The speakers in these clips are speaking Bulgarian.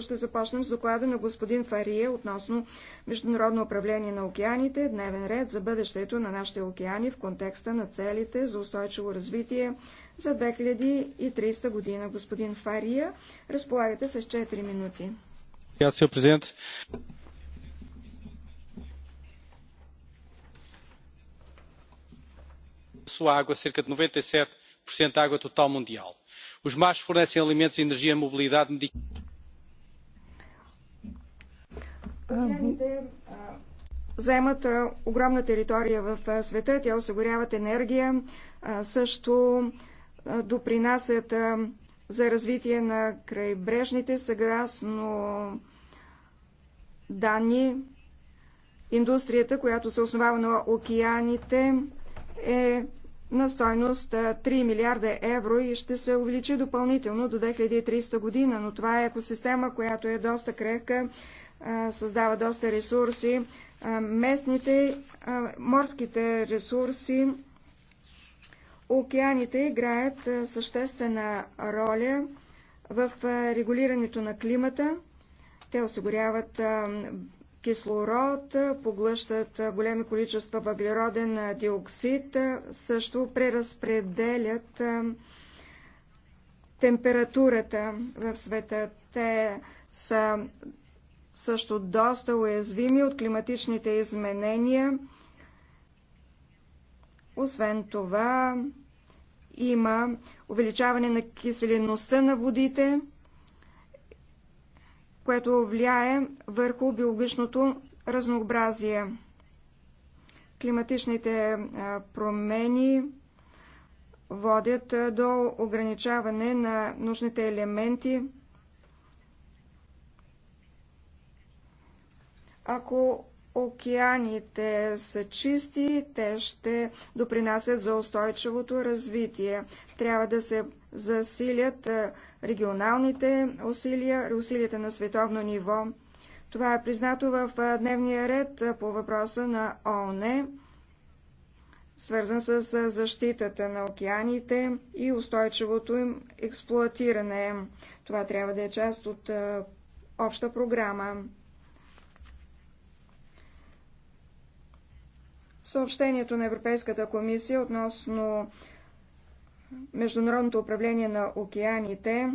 Ще започнем с доклада на господин Фария относно международно управление на океаните, дневен ред за бъдещето на нашите океани в контекста на целите за устойчиво развитие за 2300 година. Господин Фария, разполагате с 4 минути. Sua água, cerca de 97% e da água total mundial. Os mares fornecem alimentos, energia, mobilidade, medicamentos заемат огромна територия в света, те осигуряват енергия, също допринасят за развитие на крайбрежните съгласно данни. Индустрията, която се основава на океаните, е на стойност 3 милиарда евро и ще се увеличи допълнително до 2300 година, но това е екосистема, която е доста крехка създава доста ресурси. Местните, морските ресурси, океаните играят съществена роля в регулирането на климата. Те осигуряват кислород, поглъщат големи количества въглероден диоксид, също преразпределят температурата в света. Те са също доста уязвими от климатичните изменения. Освен това, има увеличаване на киселеността на водите, което влияе върху биологичното разнообразие. Климатичните промени водят до ограничаване на нужните елементи Ако океаните са чисти, те ще допринасят за устойчивото развитие. Трябва да се засилят регионалните усилия, усилията на световно ниво. Това е признато в дневния ред по въпроса на ООН, свързан с защитата на океаните и устойчивото им експлуатиране. Това трябва да е част от обща програма. Съобщението на Европейската комисия относно международното управление на океаните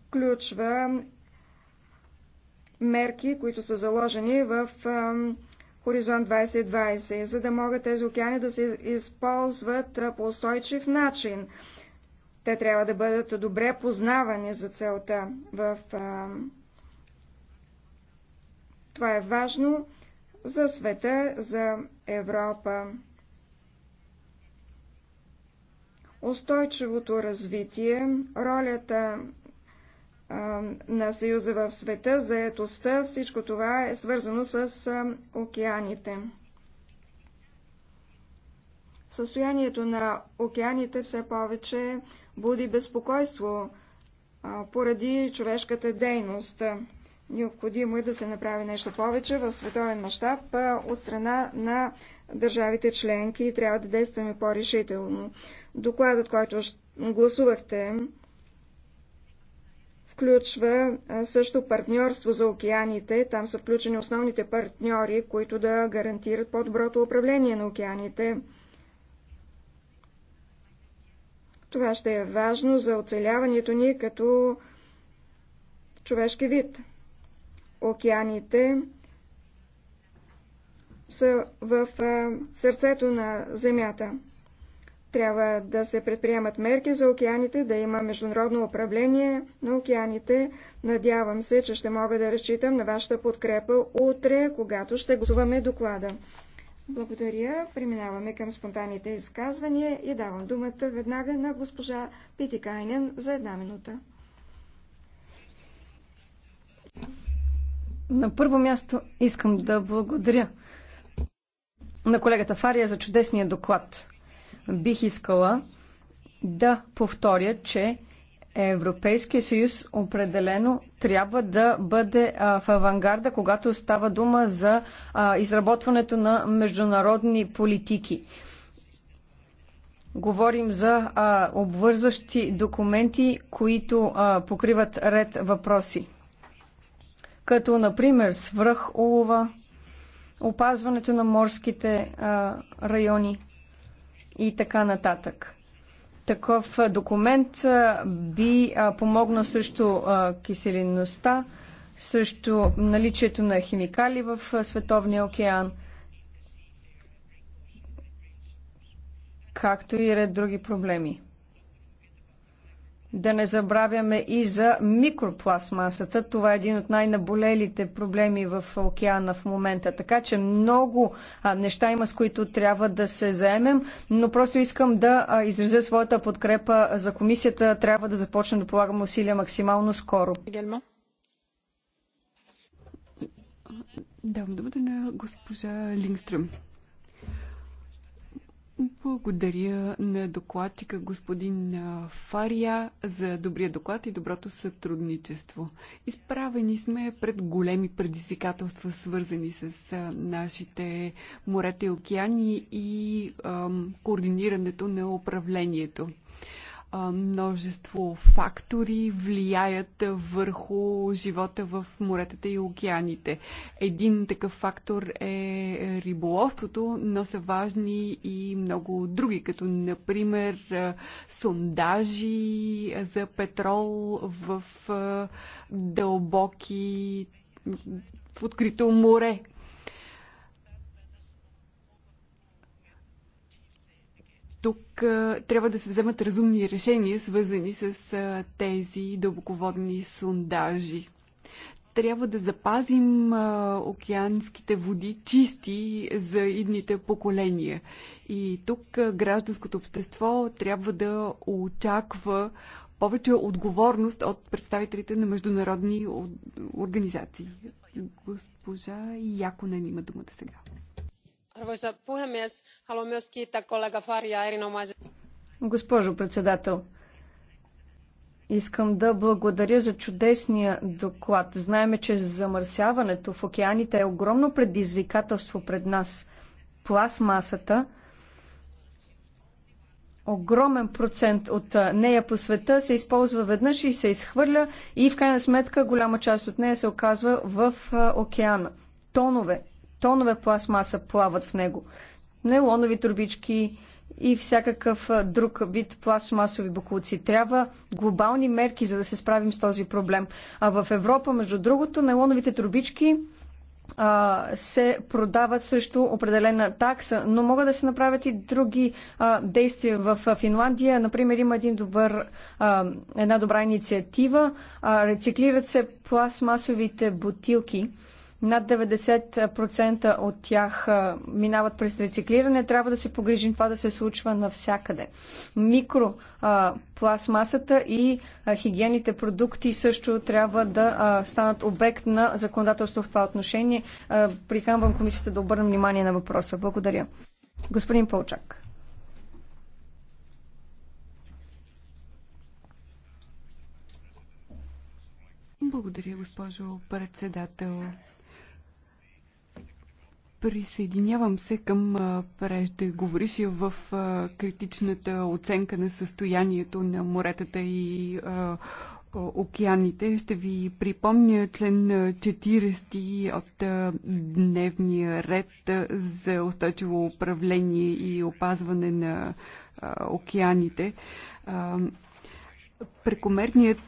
включва мерки, които са заложени в Хоризонт 2020, за да могат тези океани да се използват по устойчив начин. Те трябва да бъдат добре познавани за целта. В, това е важно за света, за Европа. Устойчивото развитие, ролята а, на Съюза в света, заетостта, всичко това е свързано с а, океаните. Състоянието на океаните все повече буди безпокойство а, поради човешката дейност. Необходимо е да се направи нещо повече в световен мащаб от страна на държавите членки и трябва да действаме по-решително. Докладът, който гласувахте, включва също партньорство за океаните. Там са включени основните партньори, които да гарантират по-доброто управление на океаните. Това ще е важно за оцеляването ни като човешки вид океаните са в сърцето на Земята. Трябва да се предприемат мерки за океаните, да има международно управление на океаните. Надявам се, че ще мога да разчитам на вашата подкрепа утре, когато ще гласуваме доклада. Благодаря. Преминаваме към спонтанните изказвания и давам думата веднага на госпожа Питикайнен за една минута. На първо място искам да благодаря на колегата Фария за чудесния доклад. Бих искала да повторя, че Европейския съюз определено трябва да бъде а, в авангарда, когато става дума за а, изработването на международни политики. Говорим за а, обвързващи документи, които покриват ред въпроси като например свръх улова, опазването на морските а, райони и така нататък. Такъв документ а, би а, помогнал срещу а, киселинността, срещу наличието на химикали в а, Световния океан, както и ред други проблеми. Да не забравяме и за микропластмасата. Това е един от най-наболелите проблеми в океана в момента. Така че много а, неща има, с които трябва да се заемем, но просто искам да а, изразя своята подкрепа за комисията. Трябва да започнем да полагаме усилия максимално скоро. Давам думата на госпожа Лингстрем. Благодаря на докладчика господин Фария за добрия доклад и доброто сътрудничество. Изправени сме пред големи предизвикателства, свързани с нашите морета и океани и ам, координирането на управлението множество фактори влияят върху живота в моретата и океаните. Един такъв фактор е риболовството, но са важни и много други, като например сондажи за петрол в дълбоки в открито море, тук трябва да се вземат разумни решения, свързани с тези дълбоководни сондажи. Трябва да запазим океанските води чисти за идните поколения. И тук гражданското общество трябва да очаква повече отговорност от представителите на международни организации. Госпожа Яконен има думата сега. Arvoisa puhemies, haluan myös kiittää kollega Faria erinomaisen... Госпожо председател, Искам да благодаря за чудесния доклад. Знаеме, че замърсяването в океаните е огромно предизвикателство пред нас. Пластмасата, огромен процент от нея по света се използва веднъж и се изхвърля и в крайна сметка голяма част от нея се оказва в океана. Тонове тонове пластмаса плават в него. Нелонови турбички и всякакъв друг вид пластмасови буклуци. Трябва глобални мерки, за да се справим с този проблем. А в Европа, между другото, нелоновите турбички се продават също определена такса, но могат да се направят и други а, действия. В Финландия, например, има един добър, а, една добра инициатива. А, рециклират се пластмасовите бутилки над 90% от тях минават през рециклиране. Трябва да се погрижим това да се случва навсякъде. Микропластмасата и хигиените продукти също трябва да станат обект на законодателство в това отношение. Приканвам комисията да обърна внимание на въпроса. Благодаря. Господин Полчак. Благодаря, госпожо председател. Присъединявам се към преждеговорившия в критичната оценка на състоянието на моретата и океаните. Ще ви припомня член 40 от дневния ред за устойчиво управление и опазване на океаните. Прекомерният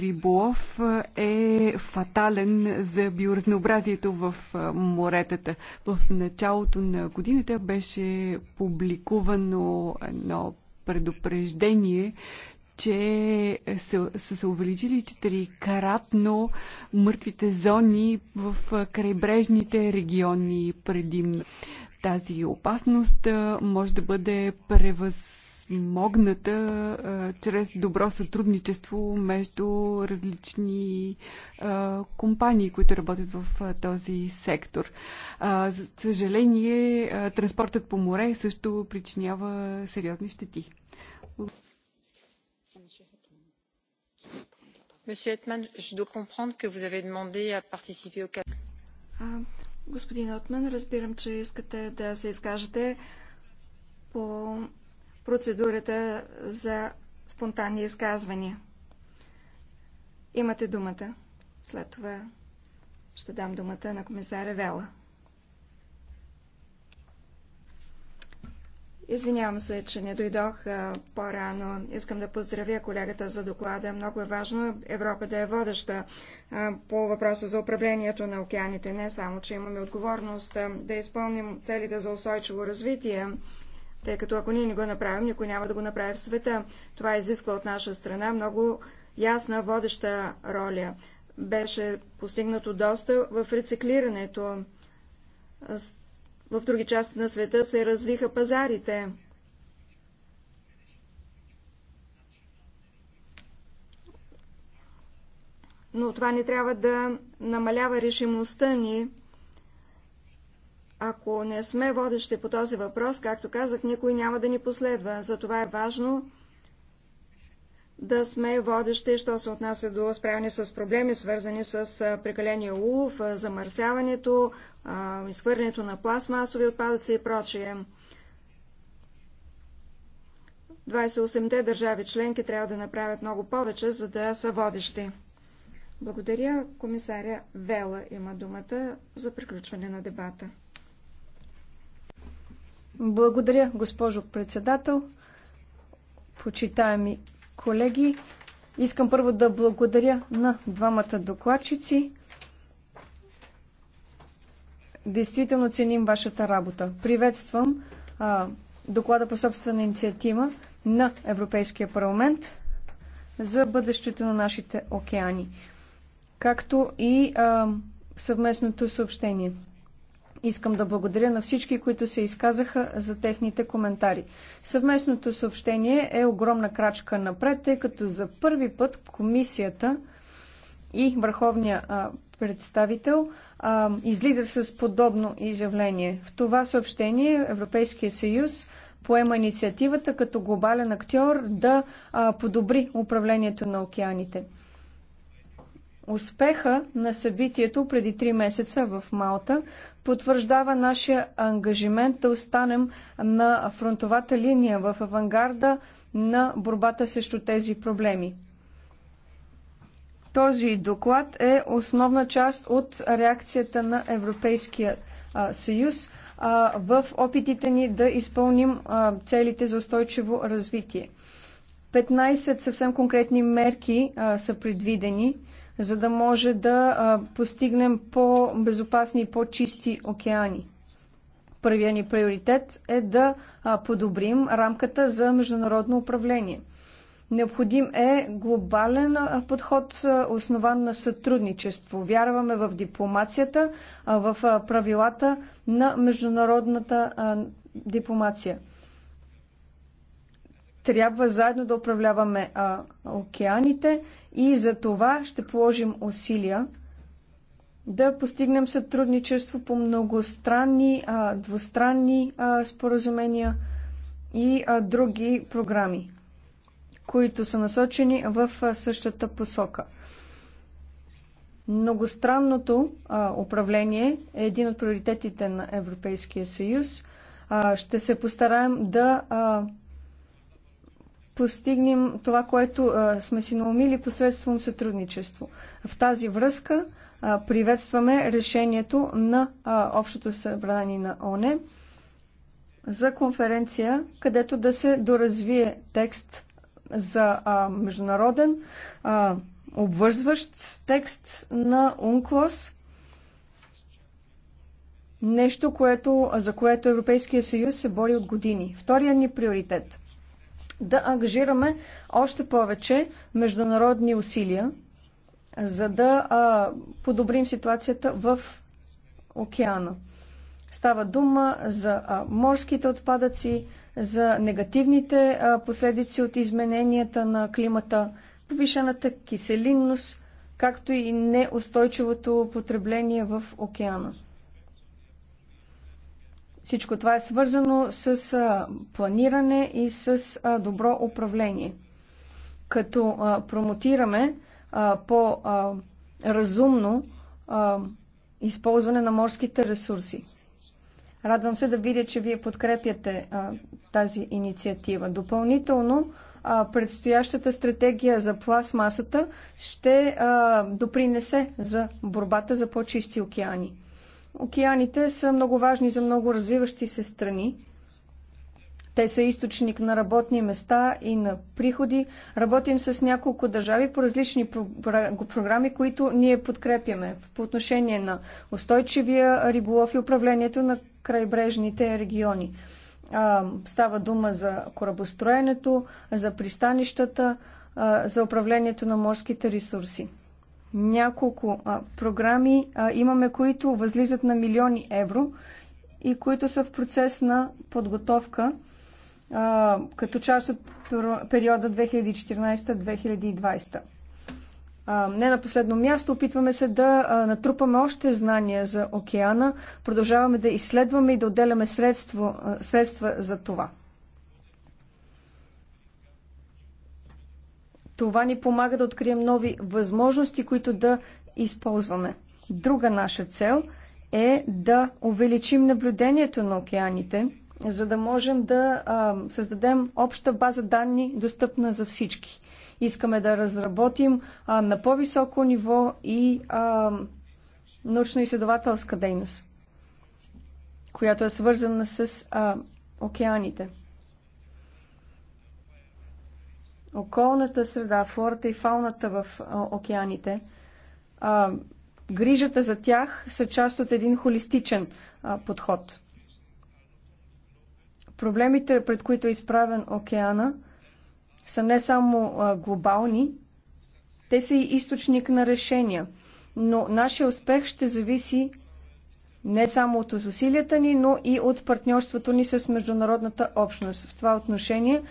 риболов е фатален за биоразнообразието в моретата. В началото на годината беше публикувано едно предупреждение, че са, се увеличили четирикратно мъртвите зони в крайбрежните региони предимно. Тази опасност може да бъде превъз смогната а, чрез добро сътрудничество между различни а, компании, които работят в а, този сектор. А, за съжаление, а, транспортът по море също причинява сериозни щети. Monsieur Етман, je dois comprendre que vous avez demandé à participer au Господин Отман, разбирам, че искате да се изкажете по процедурата за спонтанни изказвания. Имате думата. След това ще дам думата на комисаря Вела. Извинявам се, че не дойдох по-рано. Искам да поздравя колегата за доклада. Много е важно Европа да е водеща по въпроса за управлението на океаните. Не само, че имаме отговорност да изпълним целите за устойчиво развитие, тъй като ако ние не го направим, никой няма да го направи в света. Това изисква от наша страна много ясна водеща роля. Беше постигнато доста в рециклирането. В други части на света се развиха пазарите. Но това не трябва да намалява решимостта ни ако не сме водещи по този въпрос, както казах, никой няма да ни последва. Затова е важно да сме водещи, що се отнася до справяне с проблеми, свързани с прекаления улов, замърсяването, изхвърлянето на пластмасови отпадъци и прочие. 28-те държави членки трябва да направят много повече, за да са водещи. Благодаря. Комисаря Вела има думата за приключване на дебата. Благодаря, госпожо председател. Почитаеми колеги, искам първо да благодаря на двамата докладчици. Действително ценим вашата работа. Приветствам а, доклада по собствена инициатива на Европейския парламент за бъдещето на нашите океани, както и а, съвместното съобщение. Искам да благодаря на всички, които се изказаха за техните коментари. Съвместното съобщение е огромна крачка напред, тъй като за първи път комисията и върховния а, представител а, излиза с подобно изявление. В това съобщение Европейския съюз поема инициативата като глобален актьор да а, подобри управлението на океаните. Успеха на събитието преди три месеца в Малта потвърждава нашия ангажимент да останем на фронтовата линия в авангарда на борбата срещу тези проблеми. Този доклад е основна част от реакцията на Европейския съюз в опитите ни да изпълним целите за устойчиво развитие. 15 съвсем конкретни мерки са предвидени – за да може да постигнем по-безопасни и по-чисти океани. Първия ни приоритет е да подобрим рамката за международно управление. Необходим е глобален подход, основан на сътрудничество. Вярваме в дипломацията, в правилата на международната дипломация трябва заедно да управляваме а, океаните и за това ще положим усилия да постигнем сътрудничество по многостранни, а, двустранни а, споразумения и а, други програми, които са насочени в а, същата посока. Многостранното а, управление е един от приоритетите на Европейския съюз. А, ще се постараем да а, постигнем това, което а, сме си наумили посредством сътрудничество. В тази връзка а, приветстваме решението на а, Общото събрание на ОНЕ за конференция, където да се доразвие текст за а, международен а, обвързващ текст на УНКЛОС – Нещо, което, за което Европейския съюз се бори от години. Втория ни приоритет да ангажираме още повече международни усилия, за да а, подобрим ситуацията в океана. Става дума за а, морските отпадъци, за негативните а, последици от измененията на климата, повишената киселинност, както и неустойчивото потребление в океана. Всичко това е свързано с планиране и с добро управление. Като промотираме по-разумно използване на морските ресурси. Радвам се да видя, че вие подкрепяте а, тази инициатива. Допълнително, а, предстоящата стратегия за пластмасата ще а, допринесе за борбата за по-чисти океани. Океаните са много важни за много развиващи се страни. Те са източник на работни места и на приходи. Работим с няколко държави по различни програми, които ние подкрепяме по отношение на устойчивия риболов и управлението на крайбрежните региони. Става дума за корабостроенето, за пристанищата, за управлението на морските ресурси няколко а, програми а, имаме, които възлизат на милиони евро и които са в процес на подготовка а, като част от периода 2014-2020. Не на последно място, опитваме се да натрупаме още знания за океана, продължаваме да изследваме и да отделяме средство, средства за това. Това ни помага да открием нови възможности, които да използваме. Друга наша цел е да увеличим наблюдението на океаните, за да можем да а, създадем обща база данни, достъпна за всички. Искаме да разработим а, на по-високо ниво и научно-изследователска дейност, която е свързана с а, океаните околната среда, флората и фауната в океаните, грижата за тях са част от един холистичен подход. Проблемите, пред които е изправен океана, са не само глобални, те са и източник на решения. Но нашия успех ще зависи не само от усилията ни, но и от партньорството ни с международната общност. В това отношение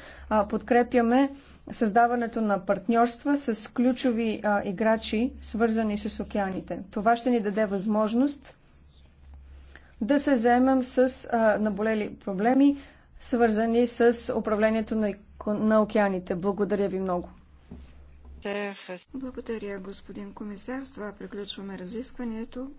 подкрепяме създаването на партньорства с ключови а, играчи, свързани с океаните. Това ще ни даде възможност да се заемем с а, наболели проблеми, свързани с управлението на, на океаните. Благодаря ви много. Благодаря, господин комисар. С това приключваме разискването.